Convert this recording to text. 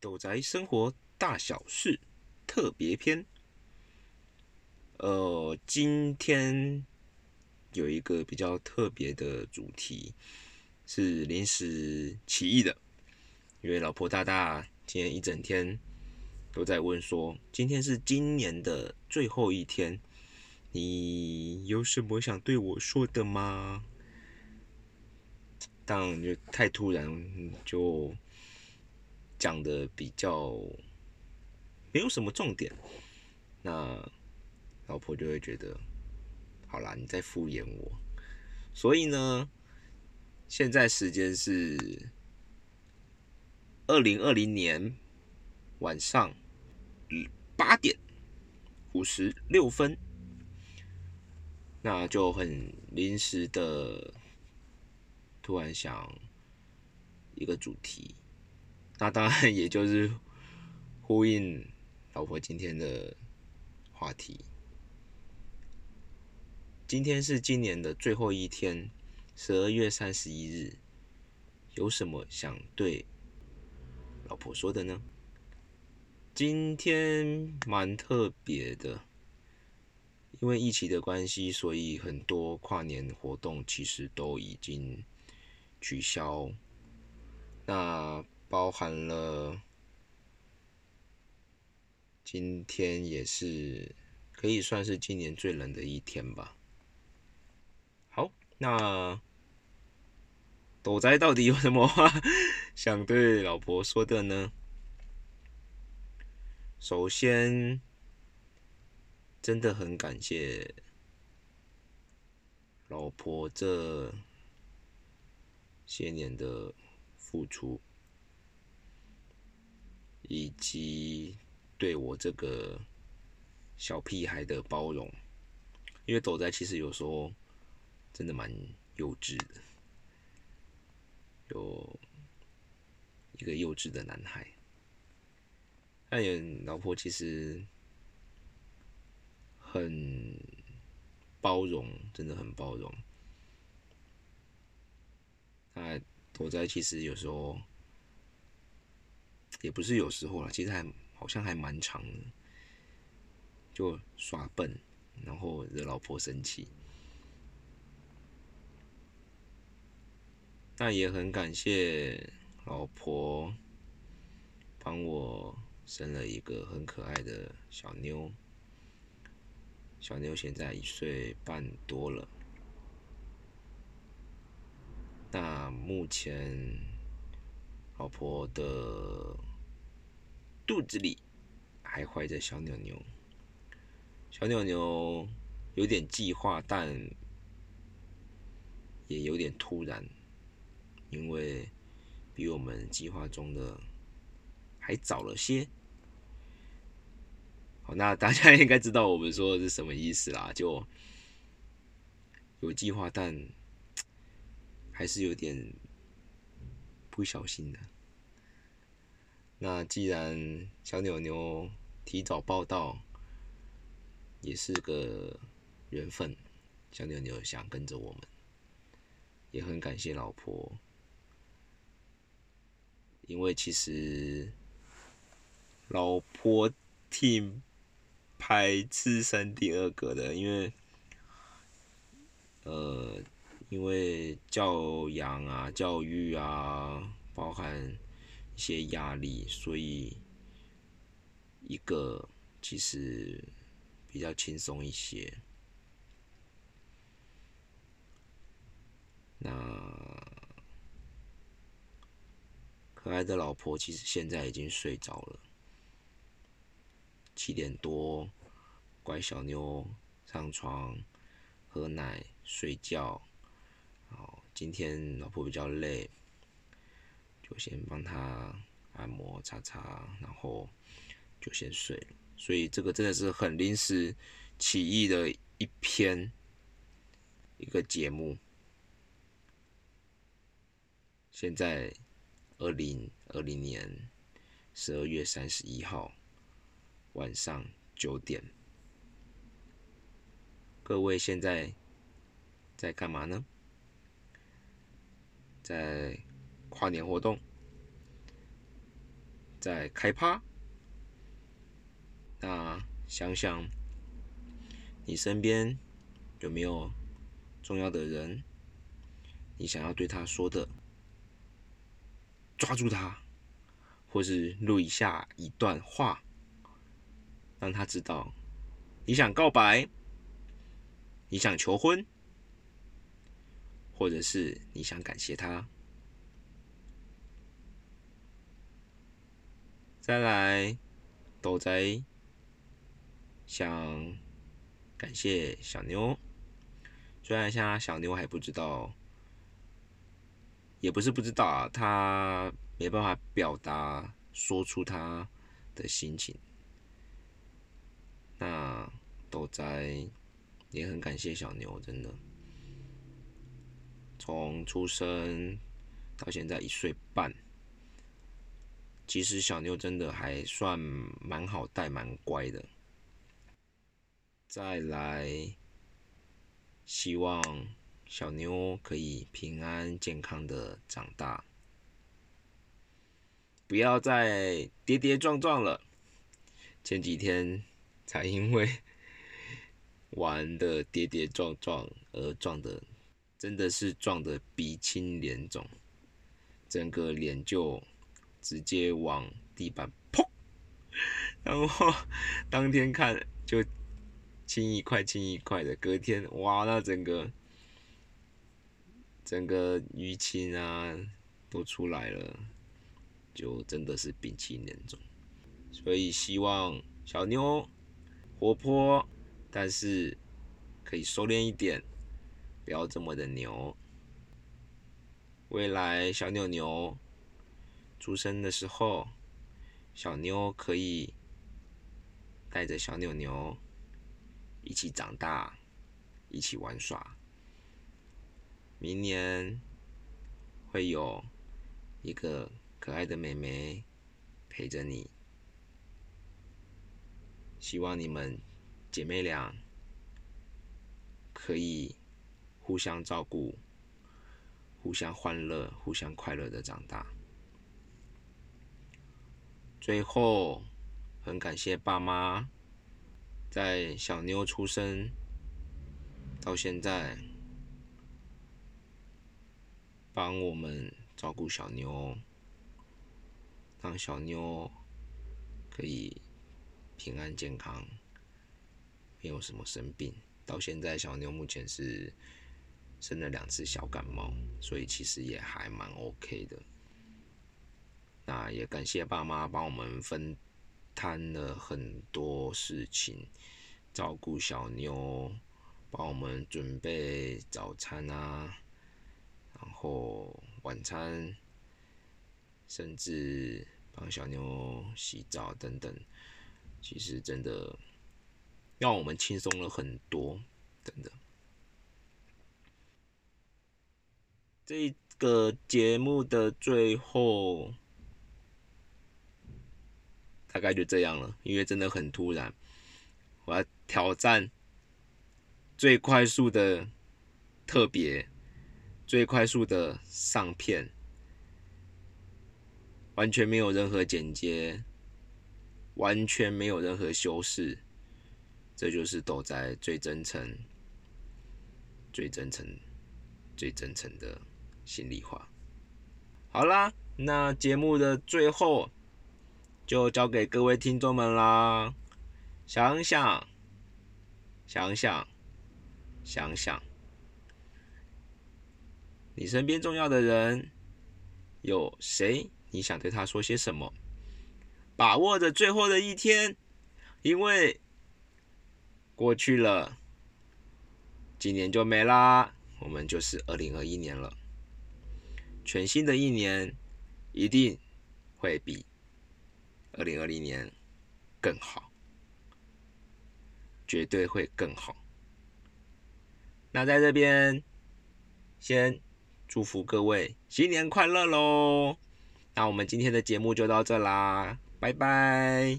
豆佬生活大小事特別篇，呃，今天有一個比較特別的主題，是臨時起意的，因為老婆大大今天一整天都在問說，今天是今年的最後一天，你有什麼想對我說的嗎？當然就太突然就。講的比較沒有什麼重點，那老婆就會覺得，好啦，你在敷衍我。所以呢，現在時間是二零二零年晚上八點五十六分，那就很臨時的突然想一個主題。那當然，也就是呼應老婆今天的話題。今天是今年的最後一天，十二月三十一日，有什麼想對老婆說的呢？今天蠻特別的，因為疫情的關係，所以很多跨年活動其實都已經取消。那包含了，今天也是可以算是今年最冷的一天吧。好，那豆佬到底有什麼話想對老婆說的呢？首先，真的很感謝老婆這些年的付出。以及對我這個小屁孩的包容，因為豆仔其實有時候真的蠻幼稚的，有一個幼稚的男孩，但你老婆其實很包容，真的很包容。那豆仔其實有時候。也不是有時候啦，其實還好像還蠻長的，就耍笨，然後惹老婆生氣。那也很感謝老婆幫我生了一個很可愛的小妞，小妞現在一歲半多了。那目前老婆的。肚子裡還懷着小妞妞，小妞妞有點計劃，但也有點突然，因為比我們計劃中的還早了些。好，那大家應該知道我們說的是什麼意思啦，就有計劃，但還是有點不小心的。那既然小妞妞提早報到，也是個緣分。小妞妞想跟着我們，也很感謝老婆，因為其實老婆挺排斥生第二個的，因為，呃，因為教養啊、教育啊，包含。一些壓力，所以一個其實比較輕鬆一些。那可愛的老婆其實現在已經睡着了，七點多，乖小妞上床喝奶睡覺。哦，今天老婆比較累。就先幫他按摩、擦擦，然後就先睡了。所以這個真的是很臨時起意的一篇一個節目。現在二零二零年十二月三十一號晚上九點，各位現在在幹嘛呢？在？跨年活動在開趴，那想想你身邊有沒有重要的人，你想要對他說的，抓住他，或是錄一下一段話，讓他知道你想告白，你想求婚，或者是你想感謝他。再來，豆佬想感謝小妞，雖然現在小妞還不知道，也不是不知道啊，他沒辦法表達說出他的心情。那豆佬，也很感謝小妞，真的，從出生到現在一歲半。其實小妞真的還算蠻好帶，蠻乖的。再來，希望小妞可以平安健康的長大，不要再跌跌撞撞了。前幾天才因為玩的跌跌撞撞而撞的，真的是撞的鼻青臉腫，整個臉就。直接往地板砰，然後當天看就青一塊青一塊的，隔天哇，那整個整個淤青啊都出來了，就真的是病情嚴重。所以希望小妞活潑，但是可以收斂一點，不要這麼的牛。未來小妞妞。出生的時候，小妞可以帶着小妞妞一起長大，一起玩耍。明年會有一個可愛的妹妹陪着你，希望你們姐妹倆可以互相照顧，互相歡樂，互相快樂的長大。最後，很感謝爸媽，在小妞出生到現在，幫我們照顧小妞，讓小妞可以平安健康，沒有什麼生病。到現在，小妞目前是生了兩次小感冒，所以其實也還蠻 OK 的。那也感謝爸媽幫我們分攤了很多事情，照顧小妞，幫我們準備早餐啊，然後晚餐，甚至幫小妞洗澡等等，其實真的讓我們輕鬆了很多，真的。這個節目的最後。大概就這樣了，因為真的很突然。我要挑戰最快速的、特別、最快速的上片，完全沒有任何剪接，完全沒有任何修飾，這就是豆佬最真誠、最真誠、最真誠的心裡話。好啦，那節目的最後。就交給各位聽眾們啦！想想，想想，想想，你身邊重要的人有誰？你想對他說些什麼？把握着最後的一天，因為過去了，今年就沒啦。我們就是二零二一年了，全新的一年一定會比二零二零年更好，絕對會更好。那在這邊，先祝福各位新年快樂嘍。那我們今天的節目就到這啦，拜拜。